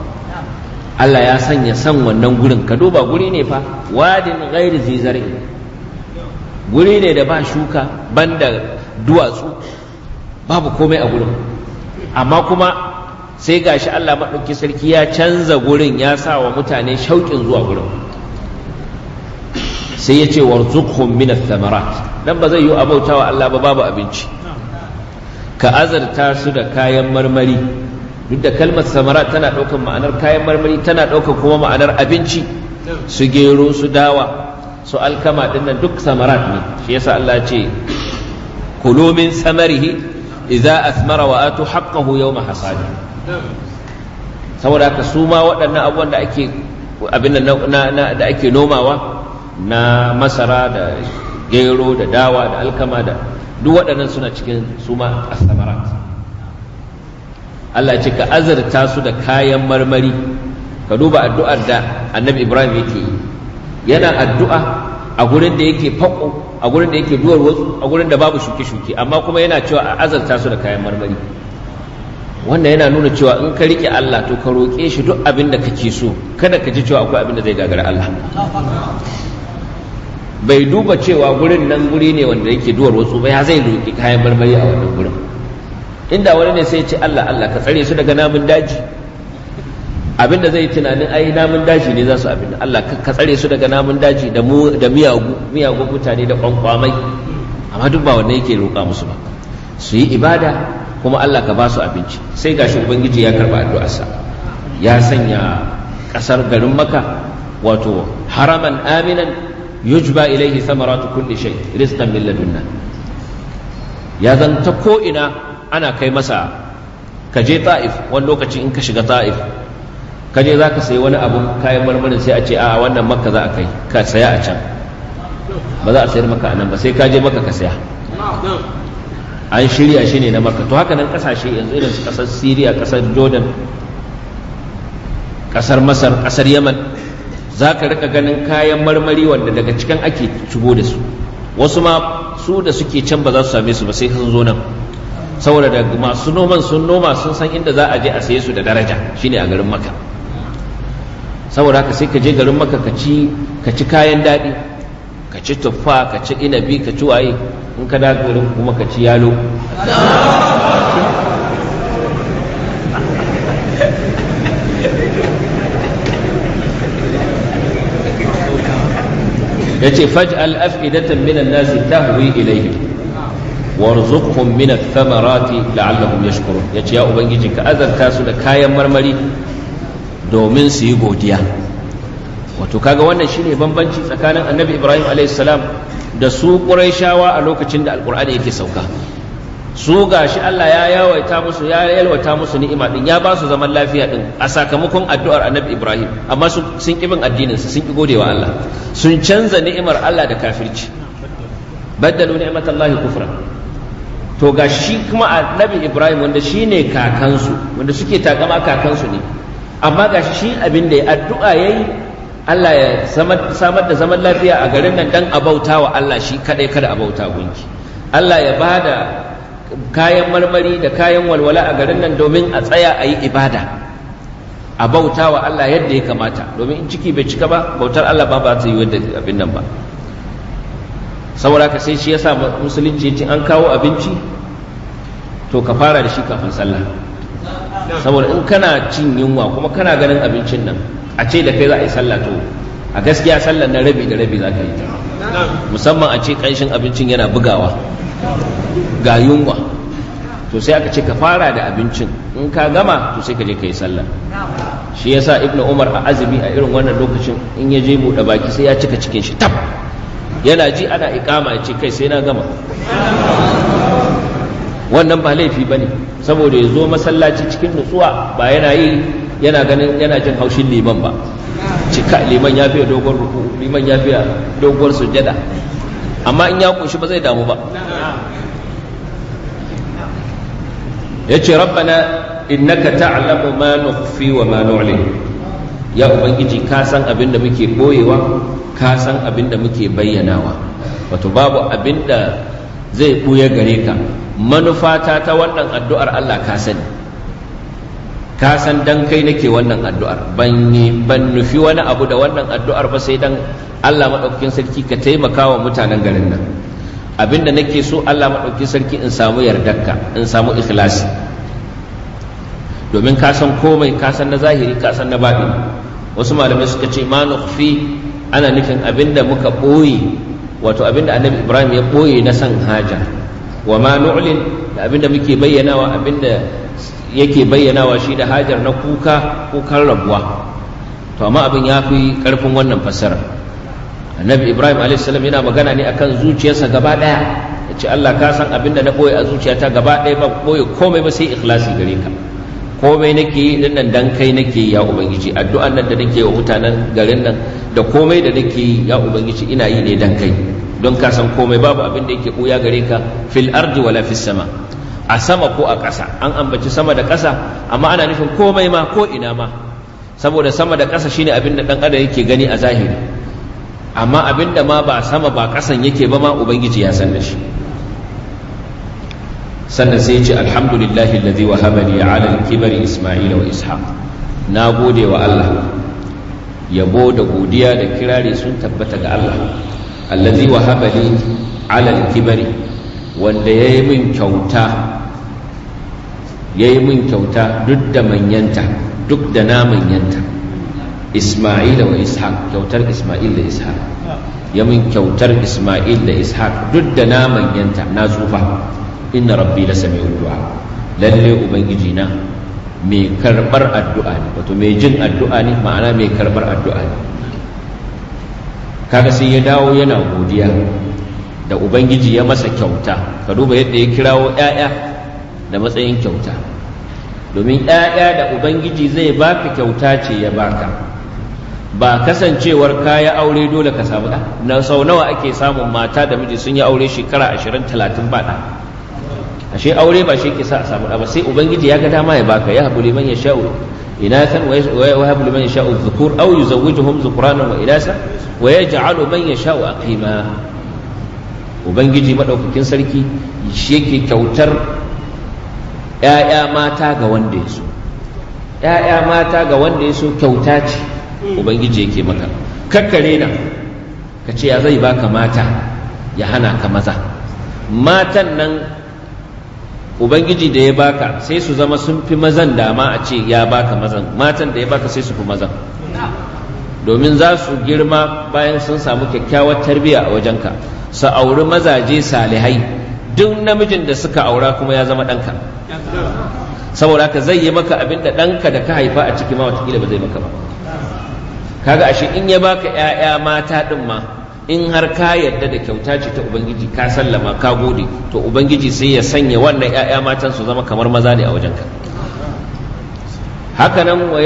Allah ya sanya san wannan gurin ka duba guri ne fa wadin ghairu zizarin guri ne da ba shuka banda duwatsu babu komai a gurin amma kuma sai gashi Allah maɗauki sarki ya canza gurin ya sa wa mutane shauƙin zuwa gurin sai ya ce warzuqhum min thamarat dan ba zai yi abautawa Allah ba babu abinci ka azarta su da kayan marmari duk da kalmar samara tana ɗaukar ma'anar kayan marmari tana ɗaukar kuma ma'anar abinci su gero su dawa su alkama dinnan duk samarat ne shi yasa Allah ce kulu min samarihi idza asmara wa atu haqqahu yawma hasadi saboda haka su ma waɗannan abubuwan da ake abin da ake nomawa na masara da gero da dawa da alkama da duk waɗannan suna cikin su ma asamarat Allah ce ka azurta su da kayan marmari ka duba addu'ar da annabi ibrahim yake yi yana addu'a a gurin da yake faƙo a gurin da yake duwar wasu a gurin da babu shuke-shuke amma kuma yana cewa a azurta su da kayan marmari wannan yana nuna cewa in ka rike Allah to ka roƙe shi duk abin da kake so kada ka ji cewa akwai abin da zai gagara Allah bai duba cewa gurin nan guri ne wanda yake duwar wasu ba ya zai roƙi kayan marmari a wannan gurin inda wani ne sai ya ce Allah Allah ka tsare su daga namun daji abinda zai tunanin ai namun daji ne za su abin Allah ka tsare su daga namun daji da mu da miyagu miyagu mutane da kwankwamai amma duk ba wanda yake roƙa musu ba su yi ibada kuma Allah ka ba su abinci sai gashi ubangiji ya karba addu'arsa ya sanya kasar garin maka wato haraman aminan yujba ilaihi samaratu kulli shay rizqan min ladunna ya zanta ko ina ana kai masa ka je ta'if wani lokaci in ka shiga ta'if ka je za ka sayi wani abu kayan marmarin sai a ce a wannan makka za a kai ka saya a can ba za a sayar maka a nan ba sai ka je maka ka saya an shirya shi ne na makka to haka nan kasashe yanzu irin su kasar syria kasar jordan kasar masar kasar yaman za ka rika ganin kayan marmari wanda daga cikin ake shigo da su wasu ma su da suke can ba za su same su ba sai sun zo nan saboda da masu noman sun noma sun san inda za a je a saye su da daraja shine a garin maka saboda haka sai ka je garin maka ka ci ka ci kayan daɗi ka ci tuffa ka ci inabi ka ci waye in ka da garin kuma ka ci yalo ya ce faj'al af'idatan minan nasi tahwi ilayhi warzuqhum min ath-thamarati la'allahum yashkurun yace ya ubangiji ka azarta su da kayan marmari domin su yi godiya wato kaga wannan shine bambanci tsakanin annabi ibrahim alayhi salam da su quraishawa a lokacin da alqur'ani yake sauka su gashi Allah ya yawaita musu ya yalwata musu ni'ima din ya ba su zaman lafiya din a sakamakon addu'ar annabi ibrahim amma sun kibin addinin su sun ki godewa Allah sun canza ni'imar Allah da kafirci baddalu ni'matallahi kufra to ga shi kuma annabi ibrahim wanda shi ne kakansu wanda suke takama kakansu ne amma ga shi abin da ya addu'a ya yi allah ya samar da zaman lafiya a garin nan dan a bauta wa allah shi kaɗai kada a bauta gunki allah ya ba da kayan marmari da kayan walwala a garin nan domin a tsaya a yi ibada a bauta wa allah yadda ya kamata domin in ciki bai cika ba bautar allah ba ba ta yi wadda abin nan ba saboda ka sai shi yasa musulunci ya ce an kawo abinci to ka fara da shi kafin sallah saboda in kana cin yunwa kuma kana ganin abincin nan a ce da kai za a yi sallah to a gaskiya sallar na rabi da rabi za ka yi ta musamman a ce kanshin abincin yana bugawa ga yunwa to sai aka ce ka fara da abincin in ka gama to sai ka je ka yi sallah shi yasa ibnu umar a azumi a irin wannan lokacin in ya je buɗe baki sai ya cika cikin shi tab yana ji ana ikama ya ce kai sai na gama wannan ba laifi ba ne saboda ya zo masallaci cikin nutsuwa ba yana yi yana ganin yana jin haushin liman ba cika liman ya fiye dogon ruku liman ya fiye dogon sujada amma in ya kunshi ba zai damu ba ya ce rabbana innaka ta'lamu ma nukhfi wa ma nu'lin ya ubangiji ka san abin da muke boyewa ka san abin da muke bayyanawa wato babu abin da zai buya gare ka manufata ta wannan addu'ar Allah ka sani ka san dan kai nake wannan addu'ar ban nufi wani abu da wannan addu'ar ba sai dan Allah maɗaukakin sarki ka taimaka wa mutanen garin nan abin da nake so Allah maɗaukakin sarki in samu yardarka in samu ikhlasi domin ka san komai ka san na zahiri ka san na baɗi wasu malamai suka ce ma ana nufin abinda muka ɓoye wato abinda annabi ibrahim ya ɓoye na san haja wa ma nu'lin da abinda muke bayyanawa abinda yake bayyanawa shi da hajar na kuka kukan rabuwa to amma abin ya fi karfin wannan fassara annabi ibrahim a.s. yana magana ne akan zuciyarsa gaba daya ya allah ka san abin da na ɓoye a zuciyata gaba daya ba ɓoye komai ba sai ikhlasi gare ka komai nake yi din nan dan kai nake yi ya ubangiji addu'an nan da nake wa mutanen garin nan da komai da nake yi ya ubangiji ina yi ne dan kai don ka san komai babu abin da yake buya gare ka fil ardi wala fis sama a sama ko a ƙasa an ambaci sama da ƙasa amma ana nufin komai ma ko ina ma saboda sama da ƙasa shine abin da dan adam yake gani a zahiri amma abin da ma ba sama ba ƙasan yake ba ma ubangiji ya san da shi sannan sai ya ce alhamdulillahi wa habari li ala al-kibari isma'ila wa ishaq na gode wa Allah yabo da godiya da kirari sun tabbata ga Allah allazi wahaba li ala al-kibari wanda yayi min kyauta yayi min kyauta duk da manyanta duk da na manyanta isma'ila wa ishaq kyautar isma'il da ishaq ya min kyautar isma'il da ishaq duk da na manyanta na tsufa inna rabbi la sami'ud du'a lalle ubangiji na mai karbar addu'a ne wato mai jin addu'a ne ma'ana mai karbar addu'a ne kaga sai ya dawo yana godiya da ubangiji ya masa kyauta ka duba yadda ya kirawo 'ya'ya da matsayin kyauta domin 'ya'ya da ubangiji zai baka kyauta ce ya baka ba kasancewar kaya aure dole ka samu da? na sau nawa ake samun mata da miji sun yi aure shekara ashirin talatin ba ashe aure ba shi ke sa a samu ba sai ubangiji ya ga dama ya baka ya habu liman yasha'u inathan wa yahabu liman sha'u zukur aw yuzawwijuhum dhukranan wa ilasa wa yaj'alu man sha'u aqima ubangiji madaukakin sarki shi yake kyautar ‘ya'ya mata ga wanda ya so ‘ya'ya mata ga wanda ya so kyauta ce ubangiji yake maka kakkare na ka ce ya zai baka mata ya hana ka maza matan nan ubangiji da ya baka sai su zama sun fi mazan dama a ce ya baka mazan matan da ya baka sai su fi mazan domin za su girma bayan sun samu kyakkyawar tarbiyya a wajenka su auri mazaje salihai duk namijin da suka aura kuma ya zama ɗanka saboda haka zai yi maka abin da ɗanka da ka haifa a ciki ma watakila ba zai maka ba kaga ashe in ya baka 'ya'ya mata ɗin ma in har ka yarda da kyauta ce ta ubangiji ka sallama ka gode to ubangiji sai ya sanya wannan 'ya'ya matan su zama kamar maza ne a wajenka haka nan wa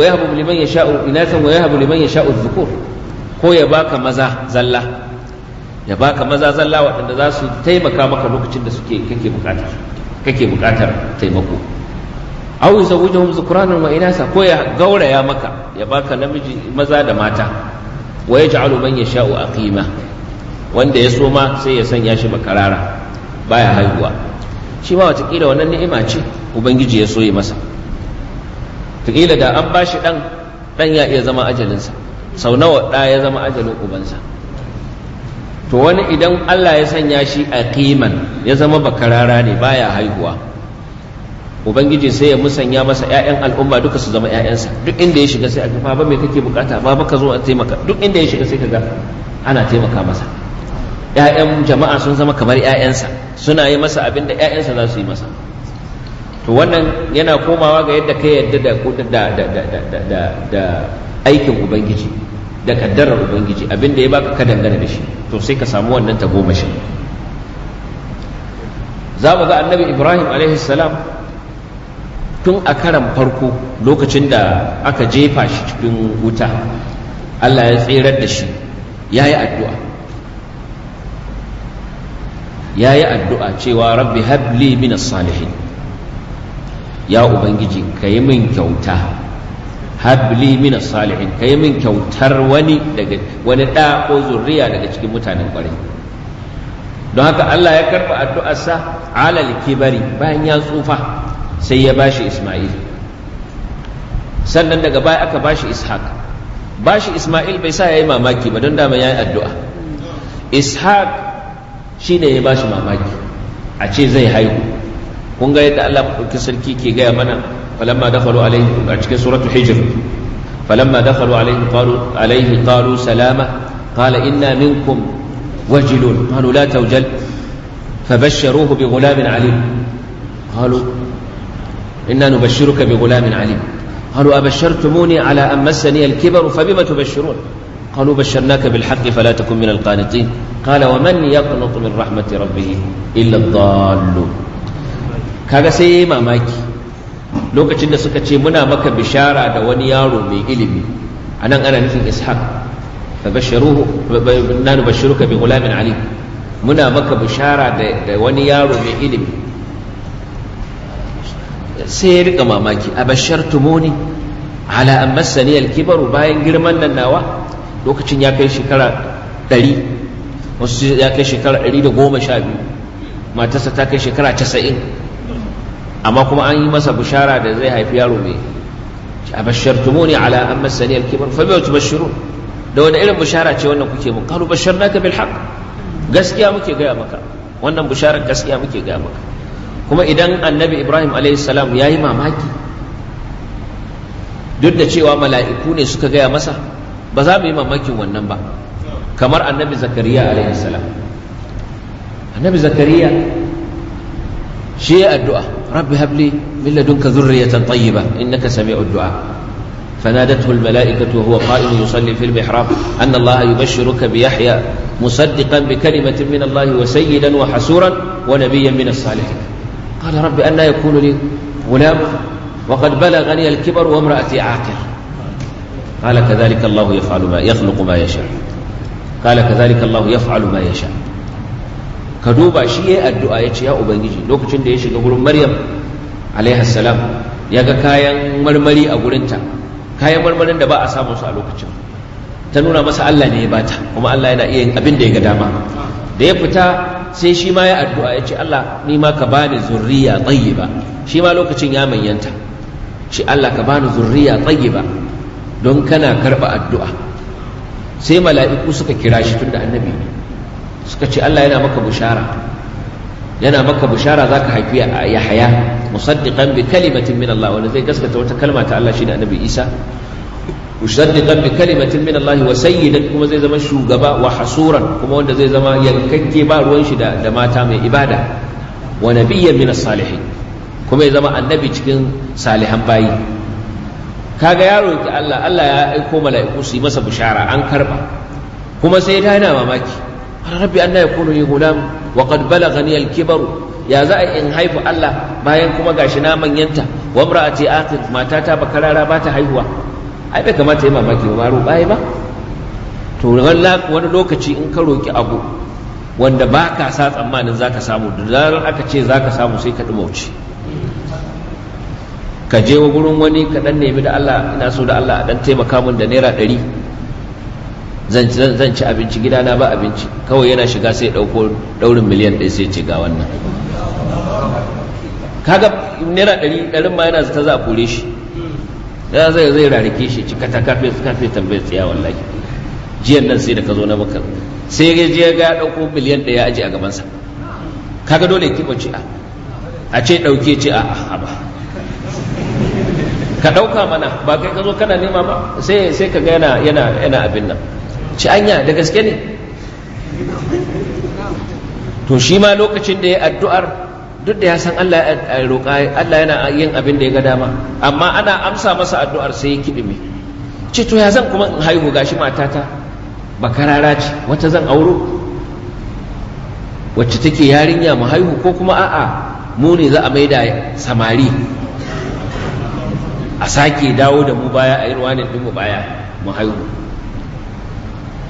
yahbu liman yasha'u inatan wa yahbu liman yasha'u dhukur ko ya baka maza zalla ya baka maza zalla waɗanda za su taimaka maka lokacin da suke kake bukata kake bukatar taimako aw yuzawwijuhum dhukuran wa inasa ko ya gauraya maka ya baka namiji maza da mata wa yaj'alu man yasha'u aqima wanda ya so ma sai ya sanya shi makarara baya haihuwa shi ma watakila wannan ni'ima ce ubangiji ya so ya masa kila da an bashi dan dan ya iya zama ajalinsa sau nawa da ya zama ajalin ubansa to wani idan Allah ya sanya shi aqiman ya zama bakarara ne baya haihuwa ubangiji sai ya musanya masa ƴaƴan al'umma duka su zama ƴaƴansa duk inda ya shiga sai a ga ba me kake bukata ba baka zo a taimaka duk inda ya shiga sai kaga ana taimaka masa ƴaƴan jama'a sun zama kamar ƴaƴansa suna yi masa abin da ƴaƴansa za su yi masa to wannan yana komawa ga yadda ka yadda da da da aikin ubangiji da kaddarar ubangiji abin da ya baka ka dangana da shi to sai ka samu wannan tagomashin za mu ga annabi ibrahim alaihi salam tun a karan farko lokacin da aka jefa shi cikin wuta Allah ya tsirar da shi ya yi addu'a ya yi addu'a cewa rabbi habli min salihin ya ubangiji ka yi min kyauta habli min salihin ka yi min kyautar wani daga wani ɗa ko zurriya daga cikin mutanen ƙwarai don haka Allah ya karɓi addu'arsa alal kibari bayan ya tsufa sai ya bashi isma'il sannan daga baya aka bashi ishaq bashi isma'il bai sa yayi mamaki ba don dama yayi addu'a ishaq shi ne ya bashi mamaki a ce zai haihu kun ga yadda Allah ɗauki sarki ke gaya mana falamma dakhalu alaihi a cikin suratul hijr falamma dakhalu alaihi qalu alaihi qalu salama qala inna minkum wajilun qalu la tawjal fabashsharuhu ghulamin alim qalu إنا نبشرك بغلام عليم قالوا أبشرتموني على أن مسني الكبر فبما تبشرون قالوا بشرناك بالحق فلا تكن من القانطين قال ومن يقنط من رحمة ربه إلا الضالون كذا سيئ ما لو كتشن سكتشي منا مكة بشارة دواني يارو مي أنا أنا نفي إسحاق فبشروه نبشرك بغلام عليم منا مكة بشارة دواني يارو مي sai ya rika mamaki a bashar tumoni ala an masani alkibaru bayan girman nan nawa lokacin ya kai shekara ɗari wasu ya kai shekara ɗari da goma sha biyu matarsa ta kai shekara casa'in amma kuma an yi masa bishara da zai haifi yaro mai a bashar tumoni ala an masani alkibaru fa bai bashiru da wani irin bishara ce wannan kuke mun kalu bashar naka bil haq gaskiya muke gaya maka wannan bisharar gaskiya muke gaya maka kuma idan annabi ibrahim salam ya yi mamaki duk da cewa mala'iku ne suka gaya masa ba za mu yi mamakin wannan ba kamar annabi zakariya salam annabi zakariya shi ya addu'a rabbi habli min ladunka zurriyatan tayyiba innaka sami'ud du'a فنادته الملائكة وهو قائم يصلي في المحراب أن الله يبشرك بيحيى مصدقا بكلمة من الله وسيدا وحسورا ونبيا من الصالحين قال رب أن لا يكون لي غلام وقد بلغني الكبر وامرأتي عاقر قال كذلك الله يفعل ما يخلق ما يشاء قال كذلك الله يفعل ما يشاء ka duba shi ya addu'a ya ce a ubangiji lokacin da ya shiga gurin maryam alaihi salam ya ga kayan marmari a gurinta kayan marmarin da ba a samun su a lokacin ta nuna masa Allah ne ya bata kuma Allah yana iya yin abin da ya ga dama da ya fita sai shi ma ya addu'a ya ce Allah ni ma ka bani zurriya tayyiba shi ma lokacin ya manyanta ce Allah ka bani zurriya tayyiba don kana karɓa addu'a sai mala'iku suka kira shi tunda annabi ne suka ce Allah yana maka bushara yana maka bushara zaka haifi Yahaya musaddiqan bi kalimatin min Allah wanda zai gaskata wata kalma ta Allah da annabi Isa musaddiqan bi kalimatin min Allah wa sayyidan kuma zai zama shugaba wa hasuran kuma wanda zai zama yankakke ba ruwan shi da mata mai ibada wa nabiyyan min as kuma ya zama annabi cikin salihan bayi kaga yaro ki Allah Allah ya aiko mala'iku masa bishara an karba kuma sai ta yana mamaki rabbi anna yakunu li gulam wa qad balaghani al-kibaru ya za a in haifu Allah bayan kuma ga gashi na manyanta wa imra'ati aqiq matata bakarara ba ta haihuwa ai bai kamata ya mamaki ba maro baya ba to wani lokaci in ka roki abu wanda ba ka sa tsammanin za ka samu da zarar aka ce za ka samu sai ka ɗumauce ka je wa gurin wani ka ɗan nemi da Allah ina so da Allah a ɗan taimaka min da naira ɗari zan ci abinci gida na ba abinci kawai yana shiga sai dauko ɗaurin miliyan ɗaya sai ce ga wannan kaga naira ɗari ɗarin ma yana zata za a kore shi ya zai zai rarike shi cika ta kafe kafe tambayar tsaya wallahi jiyan nan sai da ka zo na bakar sai ya je ga ya ɗauko biliyan ya aji a gabansa kaga dole ya ci a a ce ɗauke ci a a ba ka ɗauka mana ba kai ka zo kana nema ba sai sai ka ga yana yana yana abin nan ci anya da gaske ne to shi ma lokacin da ya addu'ar duk da ya san Allah ya roƙa Allah yana yin abin da ya ga dama amma ana amsa masa addu'ar sai ya kidime ce to ya zan kuma in haihu gashi matata bakarara ce wata zan auro wacce take yarinya mu haihu ko kuma a'a mu ne za a maida samari a sake dawo da mu baya a irwanin ne mu baya mu haihu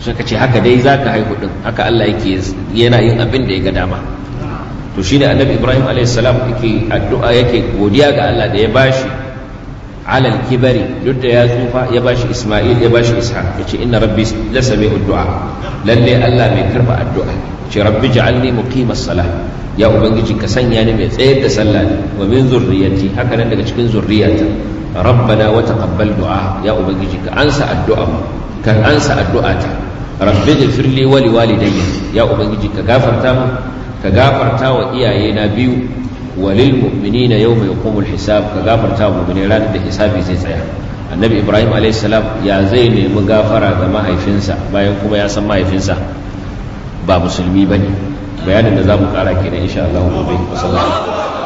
suka ce haka dai za ka haihu din haka Allah yake yana yin abin da ya ga dama to shi ne annabi ibrahim alaihissalam yake addu'a yake godiya ga allah da ya bashi alal kibari duk da ya tsufa ya bashi isma'il ya bashi Isha. ishaq yace inna rabbi la sami'u addu'a. lalle allah mai karba addu'a ce rabbi ja'alni muqimas salah ya ubangiji ka sanya ni mai tsayar da sallah wa min zurriyati haka nan daga cikin zurriyata rabbana wa taqabbal du'a ya ubangiji ka ansa addu'a ka ansa addu'ata rabbi ighfir li wa li walidayya ya ubangiji ka gafarta mu ka gafarta wa iyaye na biyu walil mu'minina yawma yaqumul hisab ka gafarta wa mu'mini ranar da hisabi zai tsaya annabi ibrahim alayhi salam ya zai nemi gafara ga mahaifinsa bayan kuma ya san mahaifinsa ba musulmi bane bayanin da za mu kara kenan insha Allah gobe sallallahu